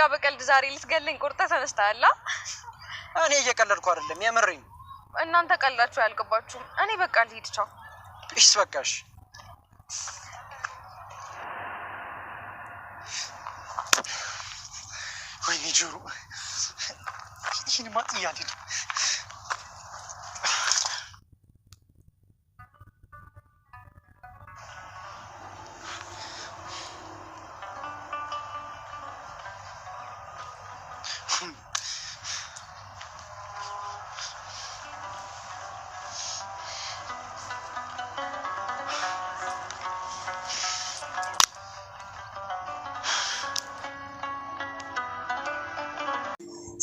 በቃ በቀልድ ዛሬ ልትገለኝ ቁርጠ ተነስተሃል። እኔ እየቀለድኩ አይደለም፣ የምሬ እናንተ ቀልዳችሁ አያልቅባችሁም። እኔ በቃ ልሂድ፣ ቻው። እሺ በቃሽ። ወይኔ ጆሮ ይህን ማጥያ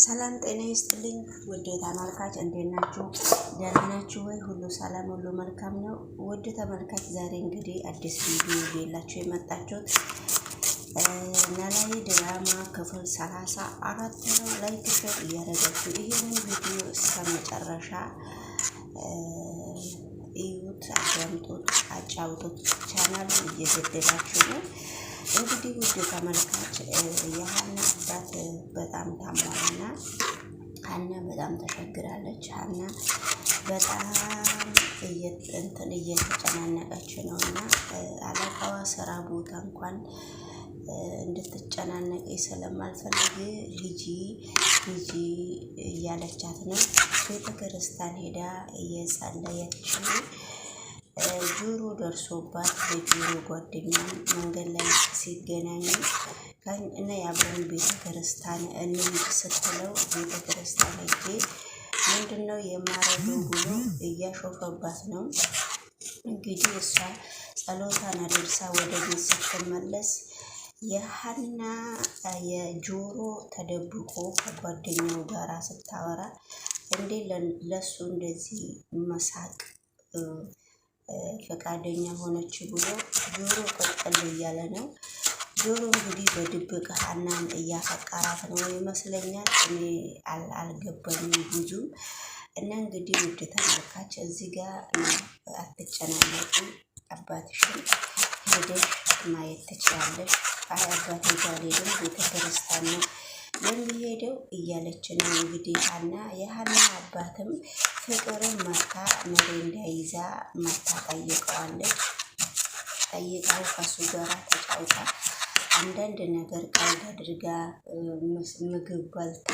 ሰላም ጤና ይስጥልኝ ውድ ተመልካች እንዴት ናችሁ? ደህና ናችሁ ወይ? ሁሉ ሰላም፣ ሁሉ መልካም ነው። ውድ ተመልካች ዛሬ እንግዲህ አዲስ ቪዲዮ ይዤላችሁ የመጣችሁት ኖላዊ ድራማ ክፍል ሰላሳ አራት ነው። ላይክ ሼር እያደረጋችሁ ይህንን ቪዲዮ እስከ መጨረሻ እዩት፣ አዳምጡት፣ አጫውጡት። ቻናሉ እየገደላችሁ ነው እንግዲህ ውድ ተመልካች የሀና አባት በጣም ታሟልና ሀና በጣም ተቸግራለች። ሀና በጣም እንትን እየተጨናነቀች ነው እና አለቃዋ ስራ ቦታ እንኳን እንድትጨናነቅ ስለማልፈልግ ልጂ ልጂ እያለቻት ነው። ቤተ ክርስቲያን ሄዳ እየጸለየች ጆሮ ደርሶባት የጆሮ ጓደኛ መንገድ ላይ ሲገናኙ እና የአብረን ቤተክርስቲያን እንሂድ ስትለው ቤተክርስቲያን ሄጄ ምንድን ነው የማረገው ብሎ እያሾፈባት ነው። እንግዲህ እሷ ጸሎታን አደርሳ ወደ ቤት ስትመለስ የሀና የጆሮ ተደብቆ ከጓደኛው ጋራ ስታወራ እንዴ ለሱ እንደዚህ መሳቅ ፈቃደኛ ሆነች ብሎ ጆሮ ቀጥል እያለ ነው። ጆሮ እንግዲህ በድብቅ ሀናን እያፈቀራት ነው ይመስለኛል። እኔ አልገባኝም ብዙ እና እንግዲህ ውድ ተመልካች እዚህ ጋር አትጨናነቁ። አባትሽን ሄደሽ ማየት ትችላለሽ። አይ አባቴ ጋር ሄደን ቤተክርስቲያን ነው የሚሄደው እያለች ነው እንግዲህ ሀና የሀና አባትም ፍቅርን መታ መሬ ይዛ መታ ጠይቀዋለች። ጠይቀው ከሱ ጋራ ተጫውታ አንዳንድ ነገር ቀልድ አድርጋ ምግብ በልታ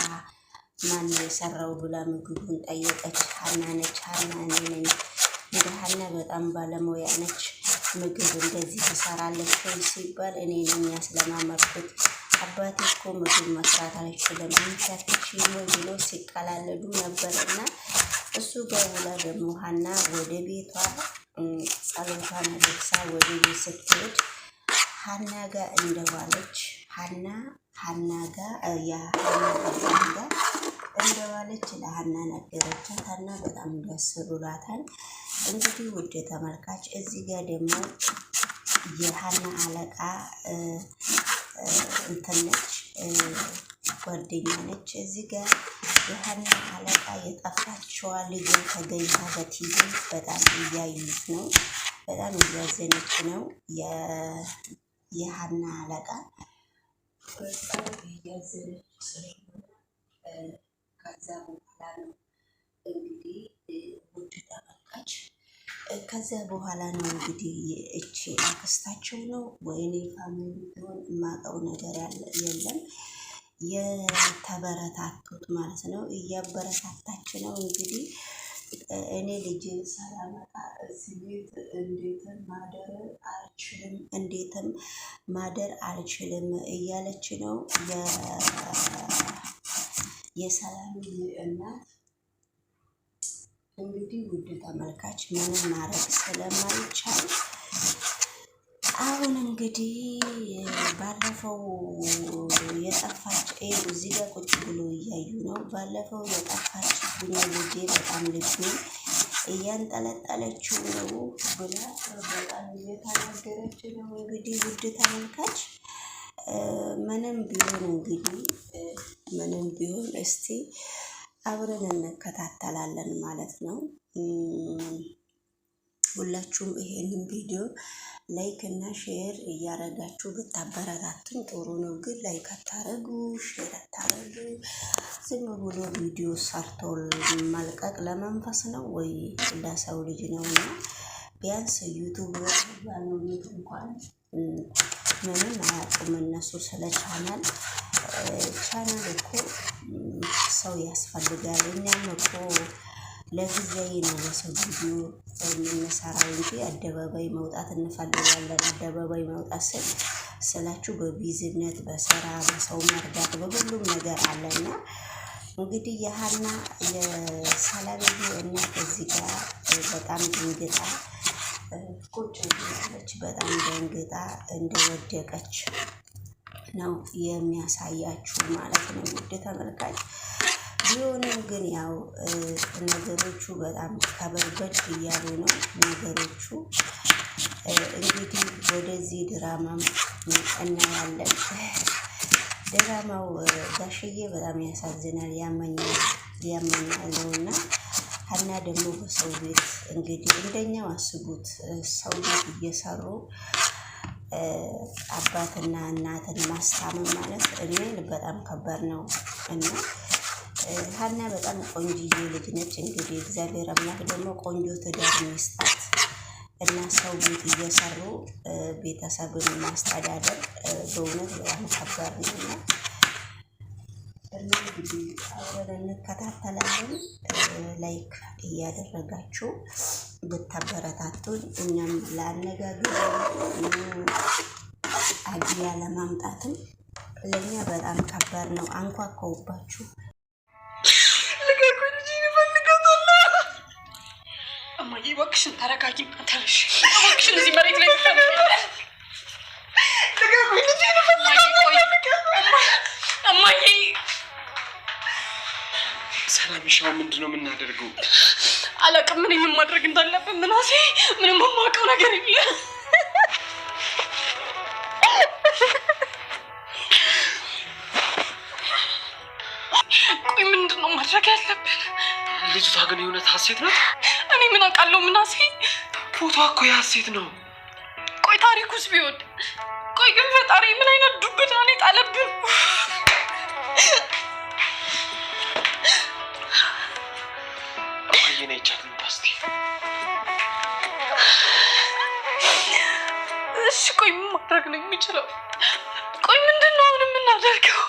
ማን የሰራው ብላ ምግቡን ጠየቀች። ሀና ነች። ሀና ነኝ። እንደ ሀና በጣም ባለሙያ ነች። ምግብ እንደዚህ ትሰራለች ወይ ሲባል እኔ ነኝ ስለማመርኩት አባቴ እኮ ምግብ መስራት አልችልም አንቺ አትችይም ወይ ብሎ ሲቀላለዱ እና እሱ ጋር ደግሞ ሀና ወደ ቤቷ ጸሎቷን አድርሳ ወደ ቤት ስትሄድ ሀና ጋ እንደዋለች ሀና ሀና ጋ የሀና በጣም ጋር እንደዋለች ለሀና ነገረቻት። ሀና በጣም እንዳስሩላታል። እንግዲህ ውድ ተመልካች እዚህ ጋር ደግሞ የሀና አለቃ እንትነች ጓደኛ ነች። እዚህ ጋር የሀና አለቃ የጠፋችዋ ልጅ ተገኝታ በቲቪ በጣም እያዩት ነው። በጣም እያዘነች ነው። የሀና አለቃ ከዛ በኋላ ነው እንግዲህ ውድ ተመልካች ከዚያ በኋላ ነው እንግዲህ እቺ አክስታቸው ነው ወይኔ ፋሚሊ ቢሆን የማውቀው ነገር የለም። የተበረታቱት ማለት ነው። እያበረታታች ነው እንግዲህ እኔ ልጅን ሳላመጣ እዚህ ቤት እንዴትም ማደር አልችልም፣ እንዴትም ማደር አልችልም እያለች ነው የሰላም እናት። እንግዲህ ውድ ተመልካች ምንም ማድረግ ስለማይቻል አሁን እንግዲህ ባለፈው የጠፋች እዚህ ጋር ቁጭ ብሎ እያዩ ነው። ባለፈው የጠፋች ቡና ልጄ በጣም ልቤ እያንጠለጠለችው ነው ብላ በጣም እየተናገረች ነው። እንግዲህ ውድ ተመልካች ምንም ቢሆን እንግዲህ ምንም ቢሆን እስቲ አብረን እንከታተላለን ማለት ነው። ሁላችሁም ይሄንን ቪዲዮ ላይክ እና ሼር እያረጋችሁ ብታበረታቱኝ ጥሩ ነው። ግን ላይክ አታረጉ፣ ሼር አታረጉ። ዝም ብሎ ቪዲዮ ሰርቶ መልቀቅ ለመንፈስ ነው ወይ ለሰው ልጅ ነው? እና ቢያንስ ዩቱብ ያለው ቤት እንኳን ምንም አያውቁም እነሱ ስለ ቻናል ቻናል እኮ ሰው ያስፈልጋል። እኛም እኮ ለጊዜያዊ ነው በሰው ቪዲዮ የምንሰራው እንጂ አደባባይ መውጣት እንፈልጋለን። አደባባይ መውጣት ስል ስላችሁ በቢዝነት በስራ በሰው መርዳት በሁሉም ነገር አለና እንግዲህ የሀና የሰላምዬ እና እዚህ ጋር በጣም ድንግጣ ቁጭ ብላለች። በጣም ደንግጣ እንደወደቀች ነው የሚያሳያችሁ ማለት ነው ውድ ተመልካች። ቢሆንም ግን ያው ነገሮቹ በጣም ከበርበድ እያሉ ነው ነገሮቹ። እንግዲህ ወደዚህ ድራማም እናያለን። ድራማው ጋሽዬ በጣም ያሳዝናል፣ ያመኛል ያመኛል ነውና እና ደግሞ በሰው ቤት እንግዲህ እንደኛው አስቡት ሰው ቤት እየሰሩ አባትና እናትን ማስታመም ማለት እኔን በጣም ከባድ ነው እና ሀና በጣም ቆንጆዬ ልጅ ነች። እንግዲህ እግዚአብሔር አምላክ ደግሞ ቆንጆ ትዳር ሚስጣት እና ሰው ቤት እየሰሩ ቤተሰብን ማስተዳደር በእውነት በጣም ከባድ ነውና እና እንግዲህ አብረን እንከታተላለን። ላይክ እያደረጋችሁ ብታበረታቱን እኛም ለአነጋገር አግያ ለማምጣትም ለእኛ በጣም ከባድ ነው። አንኳኳውባችሁ እማዬ እባክሽን ተረጋጊ። ተረሽ እባክሽን እዚህ መሬት ላይ እማዬ ምንድን ነው የምናደርገው? አላውቅም ምን ማድረግ እንዳለብን ምናሴ፣ ምንም የማውቀው ነገር የለም። ቆይ ምንድን ነው ማድረግ ያለብን? ልጅቷ ግን የእውነት ሀሴት ናት። እኔ ምን አውቃለሁ? ምናሴ ፎቶ እኮ የሀሴት ነው። ቆይ ታሪኩስ ቢሆን ቆይ ግን ፈጣሪ ምን አይነት ዱብዳ ነው የጣለብን? ማየነ ይቻልንታ እስኪ እሺ፣ ቆይ ምን ማድረግ ነው የሚችለው? ቆይ ምንድን ነው አሁን የምናደርገው?